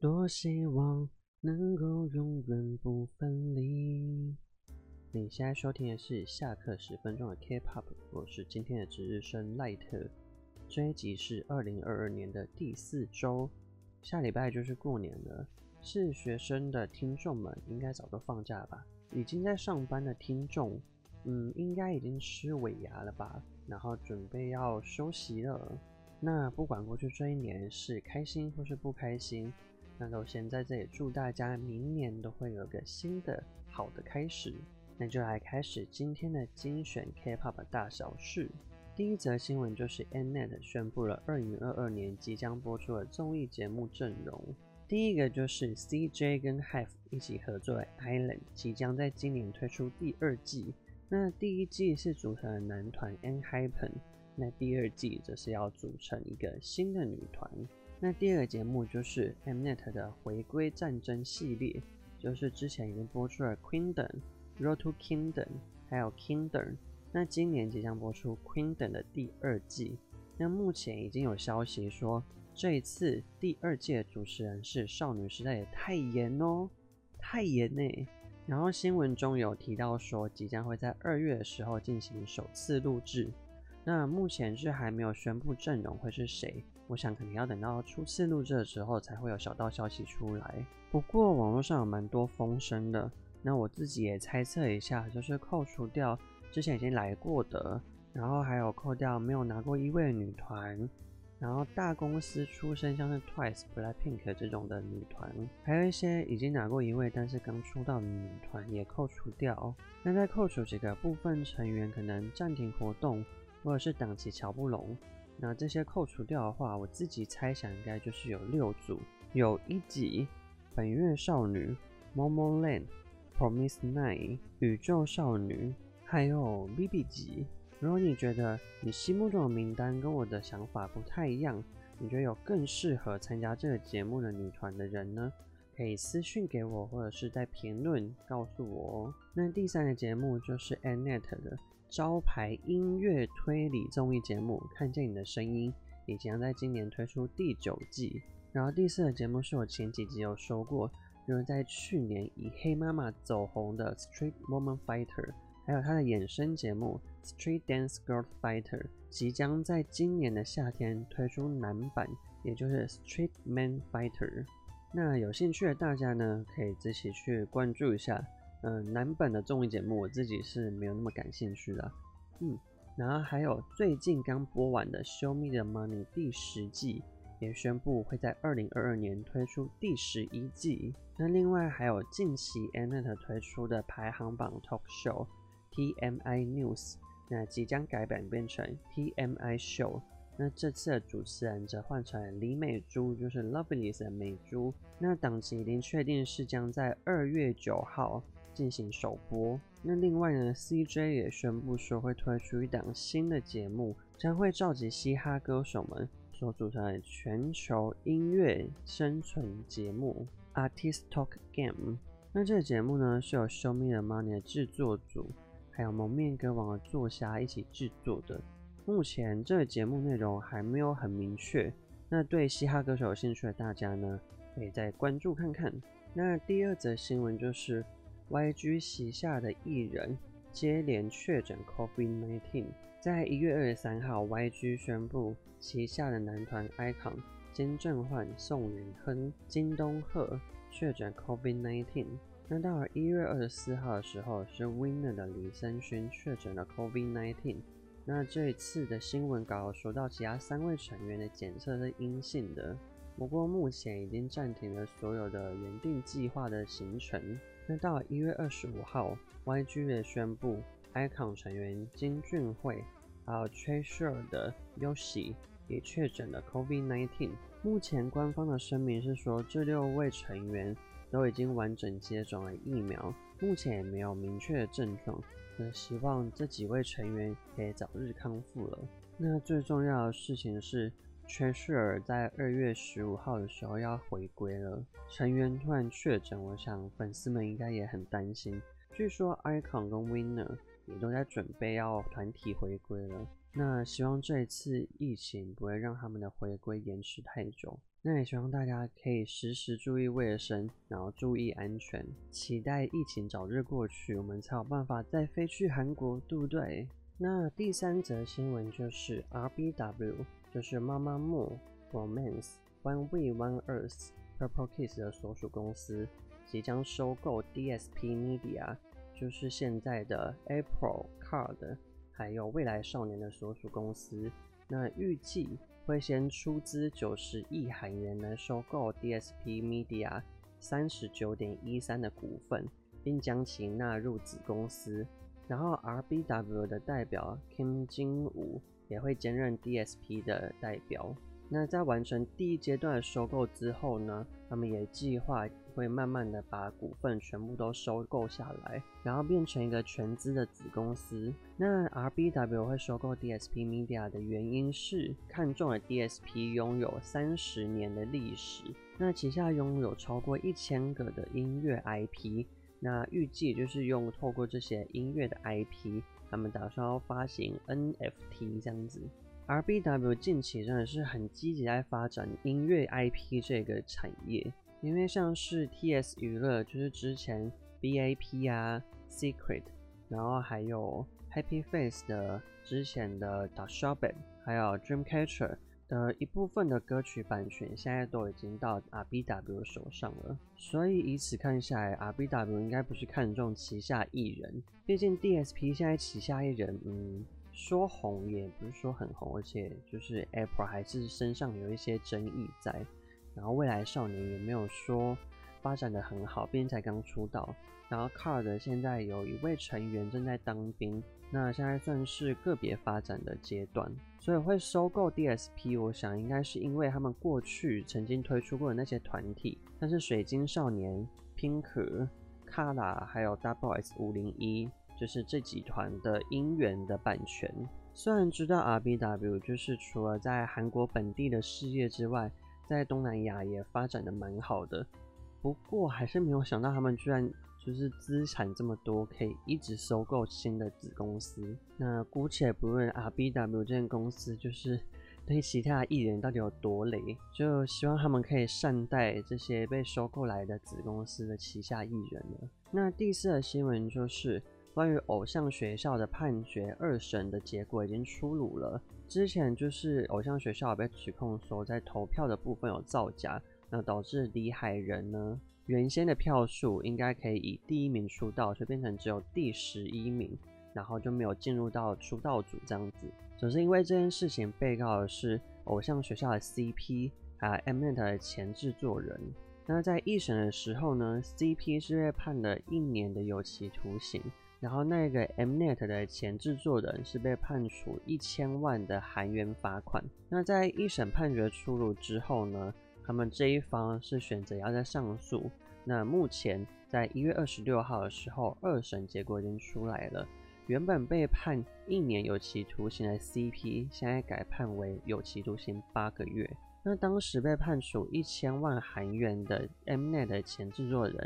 多希望能夠永遠不分離，嗯。你現在收聽的是下課十分鐘的 K-pop，我是今天的值日生賴特。這一集是二零二二年的第四周，下禮拜就是過年了。是學生的聽眾們應該早都放假吧？已經在上班的聽眾，嗯，應該已經吃尾牙了吧？然後準備要休息了。那不管過去這一年是開心或是不開心。那首先在這裡祝大家明年都會有個新的好的開始，那就來開始今天的精選 K-pop 大小事。第一則新聞就是 Mnet 宣布了二零二二年即將播出的綜藝節目陣容，第一個就是 CJ 跟 HYBE 一起合作的 Island 即將在今年推出第二季。那第一季是組成的男團 ENHYPEN，那第二季則是要組成一個新的女團。那第二個節目就是《Mnet》的回歸戰爭系列，就是之前已經播出了《Queendom》、《Road to Kingdom》，還有《Kingdom》。那今年即將播出《Queendom》的第二季。那目前已經有消息說，這一次第二季主持人是少女時代的泰妍喔，泰妍哦，泰妍呢。然後新聞中有提到說，即將會在二月的時候進行首次錄制。那目前是還沒有宣布陣容會是誰？我想肯定要等到初次錄製的時候才會有小道消息出來。不過網絡上有蠻多風聲的，那我自己也猜測一下，就是扣除掉之前已經來過的，然後還有扣掉沒有拿過一位的女團，然後大公司出身像是 Twice、BLACKPINK 這種的女團，還有一些已經拿過一位但是剛出道的女團也扣除掉。那再扣除幾個部分成員可能暫停活動或者是檔期喬不攏。那這些扣除掉的話，我自己猜想應該就是有六組，有一集本月少女、MOMOLAND、Promise Nine、宇宙少女，還有 BB 級。如果你覺得你心目中的名單跟我的想法不太一樣，你覺得有更適合參加這個節目的女團的人呢，可以私信給我，或者是在評論告訴我哦。那第三個節目就是 Mnet 的。招牌音樂推理綜藝節目《看見你的聲音》也將在今年推出第九季。然後第四個節目是我前幾集有說過，就是在去年以黑媽媽走紅的《Street Woman Fighter》，還有它的衍生節目《Street Dance Girl Fighter》，即將在今年的夏天推出男版，也就是《Street Man Fighter》。那有興趣的大家呢，可以自己去關注一下。嗯，男本的綜藝節目我自己是沒有那麼感興趣的。嗯，然後還有最近剛播完的《Show Me the Money》第十季，也宣布會在二零二二年推出第十一季。那另外還有近期 Mnet 推出的排行榜 talk show TMI News，那即將改版變成 TMI Show。那這次的主持人則換成了李美珠，就是 Lovelyz 的美珠。那檔期已經確定是將在二月九號。進行首播。那另外呢，CJ 也宣布說會推出一檔新的節目，將會召集嘻哈歌手們，所組成的全球音樂生存節目《Artist Talk Game》。那這個節目呢，是由《Show Me the Money》的制作組，還有《蒙面歌王》的作家一起制作的。目前這個節目內容還沒有很明確。那對嘻哈歌手有興趣的大家呢，可以再關注看看。那第二則新聞就是。YG 旗下的藝人接連確診 COVID-19。在一月二十三號，YG 宣布旗下的男團 ICON 金正煥、宋允亨、金東赫確診 COVID-19。那到了一月二十四號的時候，是 WINNER 的李昇勳確診了 COVID-19。那這一次的新聞稿說到，其他三位成員的檢測是陰性的，不過目前已經暫停了所有的原定計劃的行程。那到一月二十五號，YG 也宣布，ICON 成員金俊慧，還有 TREASURE 的 Yoshi 也確診了 COVID-19。目前官方的聲明是說，這六位成員都已經完整接種了疫苗，目前也沒有明確的症狀。那希望這幾位成員可以早日康復了。那最重要的事情是。權世爾在二月十五號的時候要回歸了，成員突然確診，我想粉絲們應該也很擔心。據說 iKON 跟 Winner 也都在準備要團體回歸了，那希望這一次疫情不會讓他們的回歸延遲太久。那也希望大家可以時時注意衛生，然後注意安全，期待疫情早日過去，我們才有辦法再飛去韓國，對不對？那第三則新聞就是 RBW。就是 MAMAMOO Romance One Way One Earth Purple Kiss 的所屬公司，即將收購 DSP Media，就是現在的 April Card，還有未來少年的所屬公司。那預計會先出資九十億韓元來收購 DSP Media 三十九點一三的股份，並將其納入子公司。然後 RBW 的代表 Kim Jin-woo。也會兼任 DSP 的代表。那在完成第一階段的收購之後呢，他們也計劃會慢慢的把股份全部都收購下來，然後變成一個全資的子公司。那 RBW 會收購 DSP Media 的原因是看中了 DSP 擁有三十年的歷史，那旗下擁有超過一千個的音樂 IP。那預計就是用透過這些音樂的 IP，他們打算要發行 NFT 這樣子。RBW 近期真的是很積極在發展音樂 IP 這個產業，因為像是 T S 娛樂就是之前 B A P 啊、Secret，然後還有 Happy Face 的之前的 Dal Shabet，還有 Dreamcatcher。呃，一部分的歌曲版權現在都已經到 RBW 手上了，所以以此看下來，RBW 應該不是看中旗下藝人，畢竟 DSP 現在旗下藝人，嗯，說紅也不是說很紅，而且就是 April 還是身上有一些爭議在，然後未來少年也沒有說發展得很好，畢竟才剛出道，然後 Card 現在有一位成員正在當兵，那現在算是個別發展的階段。所以會收購 DSP，我想應該是因為他們過去曾經推出過的那些團體，但是水晶少年、Pink、Kara，還有 Double S 五零一，就是這幾團的音源的版權。雖然知道 RBW 就是除了在韓國本地的事業之外，在東南亞也發展的蠻好的，不過還是沒有想到他們居然。就是資產這麼多，可以一直收購新的子公司。那姑且不論 RBW 這間公司就是對其他藝人到底有多雷，就希望他們可以善待這些被收購來的子公司的旗下藝人了。那第四個新聞就是關於偶像學校的判決二審的結果已經出爐了。之前就是偶像學校被指控說在投票的部分有造假，那導致李海仁呢，原先的票數應該可以以第一名出道，卻變成只有第十一名，然後就沒有進入到出道組這樣子。總是因為這件事情，被告的是偶像學校的 CP，還有 Mnet 的前制作人。那在一審的時候呢，CP 是被判了一年的有期徒刑，然後那個 Mnet 的前制作人是被判處一千萬的韓元罰款。那在一審判決出爐之後呢？他們這一方是選擇要再上訴。那目前在一月二十六號的時候，二審結果已經出來了。原本被判一年有期徒刑的 CP，現在改判為有期徒刑八個月。那當時被判處一千萬韓元的 Mnet 前製作人，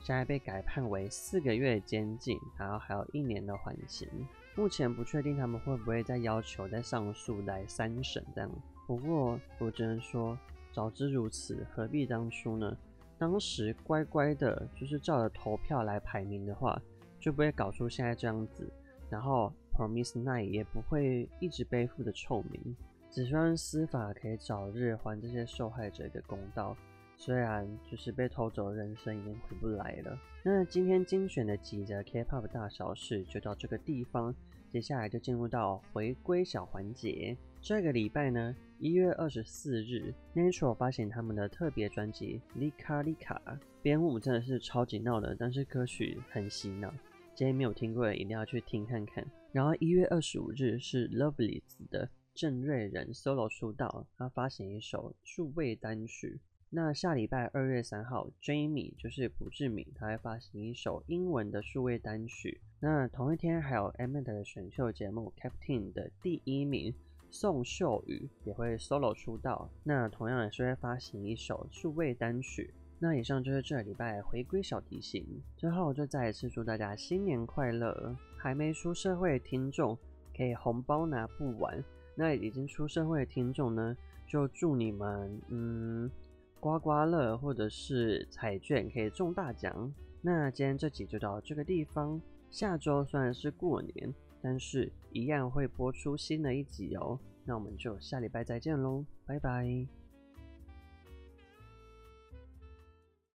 現在被改判為四個月監禁，然後還有一年的緩刑。目前不確定他們會不會再要求再上訴來三審這樣。不過我只能說。早知如此，何必當初呢？當時乖乖的，就是照着投票來排名的話，就不會搞出現在這樣子。然後 fromis_9 也不會一直背負着臭名。只希望司法可以早日還這些受害者一個公道。雖然就是被偷走的人生已經回不來了。那今天精選的幾則 K-pop 大小事就到這個地方，接下來就進入到回歸小環節。這個禮拜呢？一月二十四日，Natural 發行他們的特別專輯《Lika Lika》，編舞真的是超級鬧的，但是歌曲很洗腦。建議沒有聽過的一定要去聽看看。然後一月二十五日是 Lovelyz 的鄭瑞仁 solo 出道，他發行一首數位單曲。那下禮拜二月三號，Jamie 就是朴志敏，他會發行一首英文的數位單曲。那同一天還有 Mnet 的選秀節目 Captain 的第一名。宋秀宇也會 solo 出道，那同樣也是會發行一首數位單曲。那以上就是這禮拜回歸小提醒，之後就再一次祝大家新年快樂。還沒出社會的聽眾，可以紅包拿不完；那已經出社會的聽眾呢，就祝你們嗯刮刮樂或者是彩券可以中大獎。那今天這集就到這個地方，下周雖然是過年，但是，一樣會播出新的一集哦。那我們就下禮拜再見嘍，拜拜。